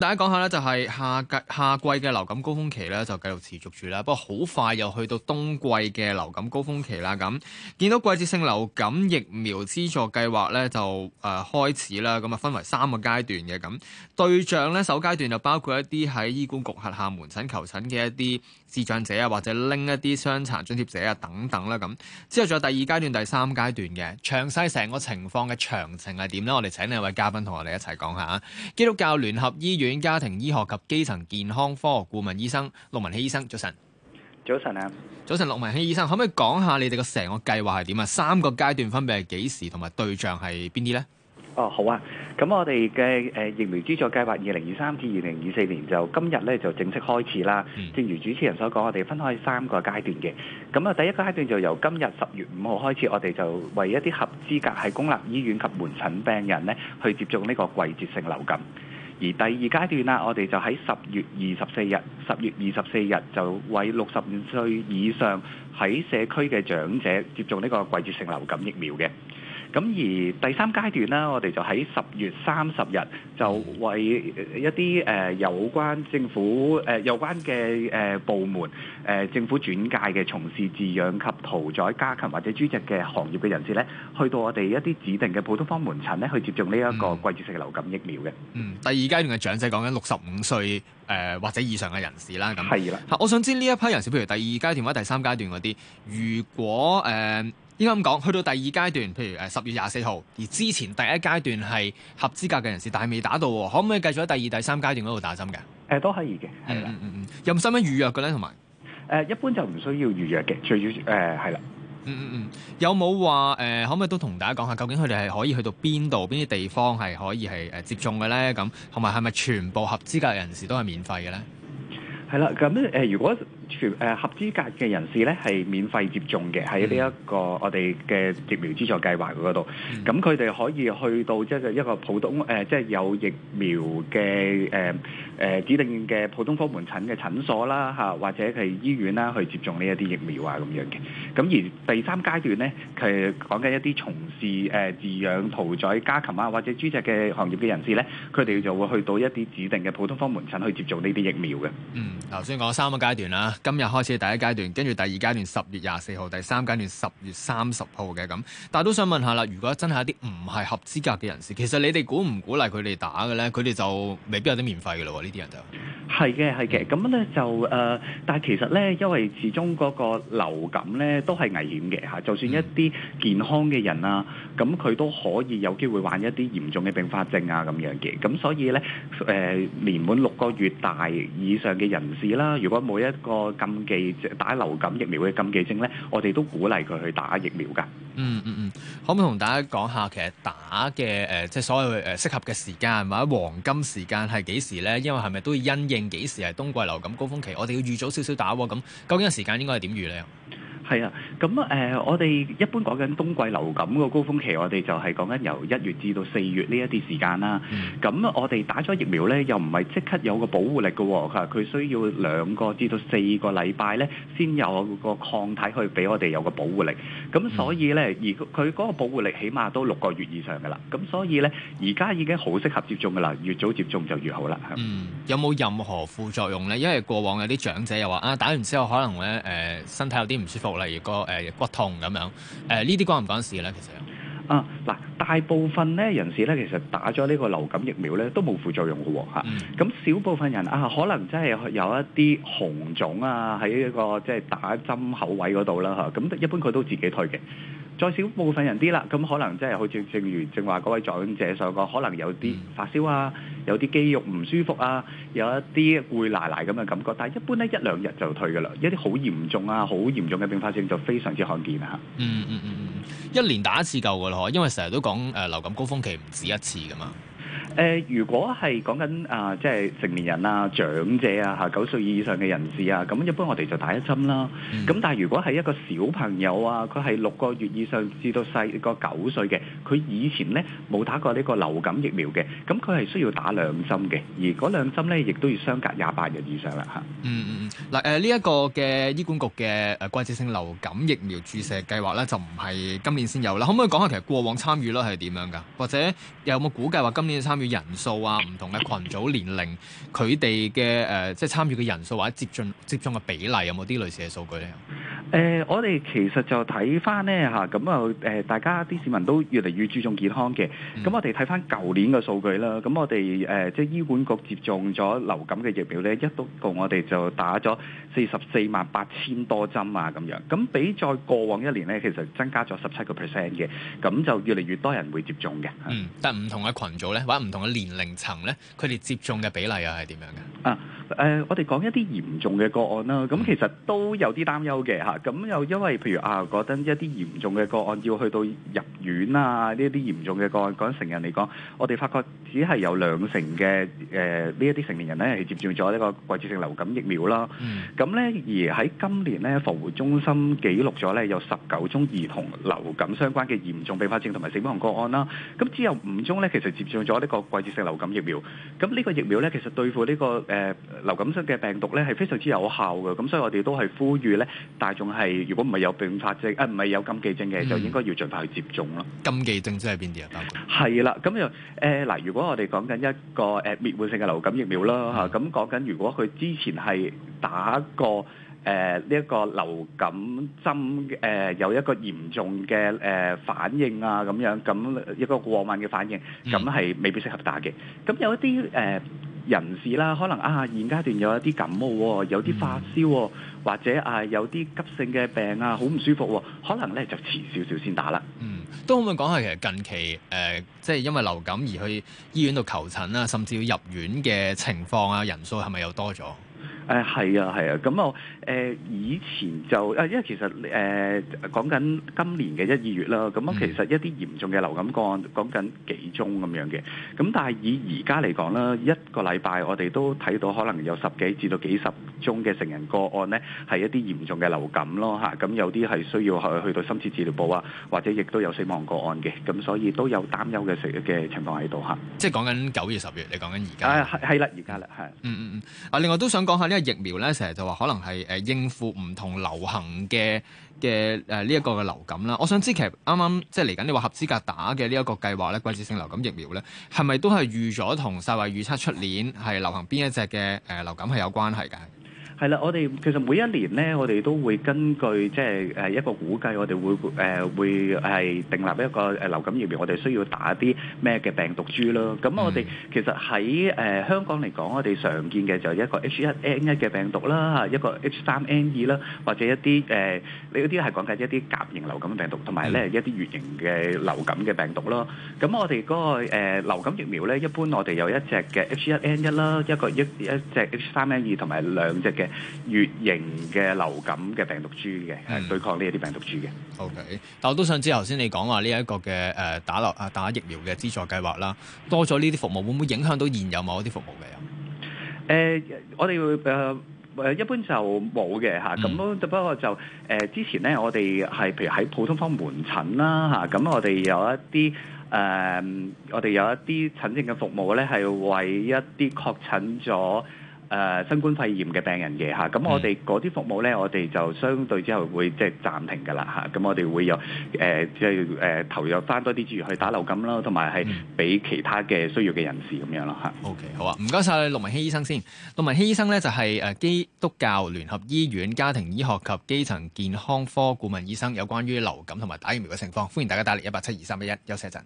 大家講下呢就係夏季夏季嘅流感高峰期呢，就繼續持續住啦。不過好快又去到冬季嘅流感高峰期啦。咁見到季節性流感疫苗資助計劃呢，就誒開始啦。咁啊分為三個階段嘅。咁對象呢，首階段就包括一啲喺醫管局轄下門診求診嘅一啲智障者啊，或者拎一啲傷殘津貼者啊等等啦。咁之後仲有第二階段、第三階段嘅詳細成個情況嘅詳情係點呢？我哋請兩位嘉賓同我哋一齊講下。基督教聯合醫院。院家庭醫學及基層健康科顧問醫生陸文熹醫生，早晨，早晨啊，早晨，陸文熹醫生，可唔可以講下你哋個成個計劃係點啊？三個階段分別係幾時同埋對象係邊啲咧？哦，好啊，咁我哋嘅誒疫苗資助計劃二零二三至二零二四年就今日咧就正式開始啦。正如主持人所講，我哋分開三個階段嘅。咁啊，第一個階段就由今日十月五號開始，我哋就為一啲合資格喺公立醫院及門診病人咧去接種呢個季節性流感。而第二階段啊，我哋就喺十月二十四日，十月二十四日就為六十五歲以上喺社區嘅長者接種呢個季節性流感疫苗嘅。咁而第三階段咧，我哋就喺十月三十日就為一啲誒、呃、有關政府誒、呃、有關嘅誒、呃、部門誒、呃、政府轉介嘅從事飼養及屠宰家禽或者豬隻嘅行業嘅人士咧，去到我哋一啲指定嘅普通科門診咧，去接種呢一個季節性流感疫苗嘅、嗯。嗯，第二階段嘅長者講緊六十五歲誒、呃、或者以上嘅人士啦。係啦的、嗯，我想知呢一批人士，譬如第二階段或者第三階段嗰啲，如果誒？呃應該咁講，去到第二階段，譬如誒十、呃、月廿四號，而之前第一階段係合資格嘅人士，但係未打到，可唔可以繼續喺第二、第三階段嗰度打針嘅？誒、欸，都可以嘅，係啦、嗯，嗯嗯嗯，使乜預約嘅咧？同埋誒，一般就唔需要預約嘅，最主要誒係啦，嗯嗯嗯，嗯，有冇話誒，可唔可以都同大家講下，究竟佢哋係可以去到邊度、邊啲地方係可以係誒接種嘅咧？咁同埋係咪全部合資格人士都係免費嘅咧？係啦、嗯，咁誒如果。全誒合資格嘅人士，咧係免費接種嘅。喺呢一個我哋嘅疫苗資助計劃嗰度，咁佢哋可以去到即係一個普通誒、呃、即係有疫苗嘅誒誒指定嘅普通科門診嘅診所啦嚇，或者係醫院啦去接種呢一啲疫苗啊咁樣嘅。咁而第三階段咧，佢講緊一啲從事誒飼、呃、養、屠宰、家禽啊或者豬隻嘅行業嘅人士咧，佢哋就會去到一啲指定嘅普通科門診去接種呢啲疫苗嘅。嗯，頭先講三個階段啦。今日開始第一階段，跟住第二階段十月廿四號，第三階段十月三十號嘅咁。但係都想問下啦，如果真係一啲唔係合資格嘅人士，其實你哋鼓唔鼓勵佢哋打嘅呢？佢哋就未必有啲免費嘅咯喎，呢啲人就。係嘅，係嘅。咁樣咧就誒、呃，但係其實咧，因為始終嗰個流感咧都係危險嘅嚇。就算一啲健康嘅人啊，咁佢都可以有機會患一啲嚴重嘅併發症啊咁樣嘅。咁所以咧誒、呃，年滿六個月大以上嘅人士啦，如果冇一個禁忌即打流感疫苗嘅禁忌症咧，我哋都鼓勵佢去打疫苗㗎。嗯嗯嗯，可唔可以同大家講下其實打嘅誒、呃，即係所謂誒適合嘅時間，或者黃金時間係幾時咧？因為係咪都要因應幾時係冬季流感高峰期？我哋要預早少少打喎、啊。咁究竟個時間應該係點預咧？係啊，咁誒，我哋一般講緊冬季流感個高峰期，我哋就係講緊由一月至到四月呢一啲時間啦。咁我哋打咗疫苗咧，又唔係即刻有個保護力噶喎，佢需要兩個至到四個禮拜咧，先有個抗體去俾我哋有個保護力。咁所以咧，而佢嗰個保護力起碼都六個月以上噶啦。咁所以咧，而家已經好適合接種噶啦，越早接種就越好啦。嗯，有冇任何副作用咧？因為過往有啲長者又話啊，打完之後可能咧誒身體有啲唔舒服。例如個誒骨痛咁樣，誒呢啲關唔關事咧？其實啊，嗱，大部分咧人士咧，其實打咗呢個流感疫苗咧，都冇副作用嘅喎嚇。咁少部分人啊，可能真係有一啲紅腫啊，喺一個即係打針口位嗰度啦嚇。咁、啊、一般佢都自己退嘅。再少部分人啲啦，咁可能即係好似正如正話嗰位座講者所講，可能有啲發燒啊，有啲肌肉唔舒服啊，有一啲攰攰咁嘅感覺，但係一般呢一兩日就退噶啦，一啲好嚴重啊，好嚴重嘅併發症就非常之罕見嚇、嗯。嗯嗯嗯，一年打一次夠噶啦，因為成日都講誒流感高峰期唔止一次噶嘛。誒，如果係講緊啊，即係成年人啊、長者啊、嚇九歲以上嘅人士啊，咁一般我哋就打一針啦。咁但係如果係一個小朋友啊，佢係六個月以上至到細個九歲嘅，佢以前咧冇打過呢個流感疫苗嘅，咁佢係需要打兩針嘅，而嗰兩針咧亦都要相隔廿八日以上啦，嚇。嗯嗯嗯。嗱誒，呢一個嘅醫管局嘅誒季節性流感疫苗注射計劃咧，就唔係今年先有啦。可唔可以講下其實過往參與率係點樣㗎？或者有冇估計話今年嘅參嘅人數啊，唔同嘅群組年齡，佢哋嘅誒，即係參與嘅人數或者接近接種嘅比例，有冇啲類似嘅數據咧？誒、呃，我哋其實就睇翻呢，嚇，咁啊誒，大家啲市民都越嚟越注重健康嘅。咁、嗯、我哋睇翻舊年嘅數據啦，咁我哋誒、呃，即係醫管局接種咗流感嘅疫苗呢，一總共我哋就打咗四十四萬八千多針啊，咁樣。咁比再過往一年呢，其實增加咗十七個 percent 嘅，咁就越嚟越多人會接種嘅。嗯，但唔同嘅群組呢，或者唔同嘅年齡層呢，佢哋接種嘅比例又係點樣嘅？啊，誒、呃，我哋講一啲嚴重嘅個案啦，咁其實都有啲擔憂嘅嚇。啊。咁又因為譬如啊，覺得一啲嚴重嘅個案要去到入院啊，呢啲嚴重嘅個案講成人嚟講，我哋發覺只係有兩成嘅誒呢一啲成年人咧係接種咗呢個季節性流感疫苗啦。咁咧而喺今年咧，防護中心記錄咗咧有十九宗兒童流感相關嘅嚴重併發症同埋死亡個案啦。咁只有五宗咧，其實接種咗呢個季節性流感疫苗。咁呢個疫苗咧，其實對付呢個誒流感性嘅病毒咧係非常之有效嘅。咁所以我哋都係呼籲咧大眾。係，如果唔係有並發症，啊唔係有禁忌症嘅，就應該要盡快去接種咯。禁忌症即係邊啲啊？係啦，咁又誒嗱，如果我哋講緊一個誒滅活性嘅流感疫苗啦，嚇，咁講緊如果佢之前係打過誒呢一個流感針，誒有一個嚴重嘅誒反應啊，咁樣，咁一個過敏嘅反應，咁係未必適合打嘅。咁有一啲誒。人士啦，可能啊現階段有一啲感冒，有啲發燒，或者啊有啲急性嘅病啊，好唔舒服，可能咧就遲少少先打啦。嗯，都可唔可以講下其實近期誒、呃，即係因為流感而去醫院度求診啊，甚至要入院嘅情況啊，人數係咪又多咗？誒係啊係啊，咁我誒以前就誒，因為其實誒講緊今年嘅一、二月啦，咁其實一啲嚴重嘅流感個案講緊幾宗咁樣嘅，咁但係以而家嚟講啦，一個禮拜我哋都睇到可能有十幾至到幾十宗嘅成人個案呢，係一啲嚴重嘅流感咯嚇，咁有啲係需要去去到深切治療部啊，或者亦都有死亡個案嘅，咁所以都有擔憂嘅嘅情況喺度嚇。即係講緊九月、十月，你講緊而家？誒係係啦，而家啦，係。嗯嗯嗯，啊另外都想講下呢。疫苗咧成日就話可能係誒應付唔同流行嘅嘅誒呢一個嘅流感啦。我想知其實啱啱即係嚟緊你話合資格打嘅呢一個計劃咧，季節性流感疫苗咧係咪都係預咗同世衛預測出年係流行邊一隻嘅誒流感係有關係噶？係啦，我哋其實每一年咧，我哋都會根據即係誒一個估計，我哋會誒會係定立一個誒流感疫苗，我哋需要打啲咩嘅病毒株咯。咁我哋其實喺誒香港嚟講，我哋常見嘅就係一個 H1N1 嘅病毒啦，一個 H3N2 啦，或者一啲誒你嗰啲係講緊一啲甲型流感病毒，同埋咧一啲乙型嘅流感嘅病毒咯。咁我哋嗰個誒流感疫苗咧，一般我哋有一隻嘅 H1N1 啦，一個一一隻 H3N2，同埋兩隻嘅。月型嘅流感嘅病毒株嘅，係、嗯、對抗呢一啲病毒株嘅。O、okay, K，但我都想知，頭先你講話呢一個嘅誒打落啊打疫苗嘅資助計劃啦，多咗呢啲服務，會唔會影響到現有某一啲服務嘅？誒、呃，我哋誒誒一般就冇嘅嚇，咁咯、嗯。不過就誒、呃、之前咧，我哋係譬如喺普通方門診啦嚇，咁、啊、我哋有一啲誒、呃，我哋有一啲診症嘅服務咧，係為一啲確診咗。誒新冠肺炎嘅病人嘅嚇，咁我哋嗰啲服務呢，我哋就相對之後會即係暫停㗎啦嚇。咁我哋會有誒即係投入翻多啲資源去打流感啦，同埋係俾其他嘅需要嘅人士咁、嗯、樣啦嚇。OK，好啊，唔該晒。陸文熹醫生先。陸文熹醫生呢，就係誒基督教聯合醫院家庭醫學及基層健康科顧問醫生，有關於流感同埋打疫苗嘅情況，歡迎大家打嚟一八七二三一一，2, 3, 1, 休息一陣。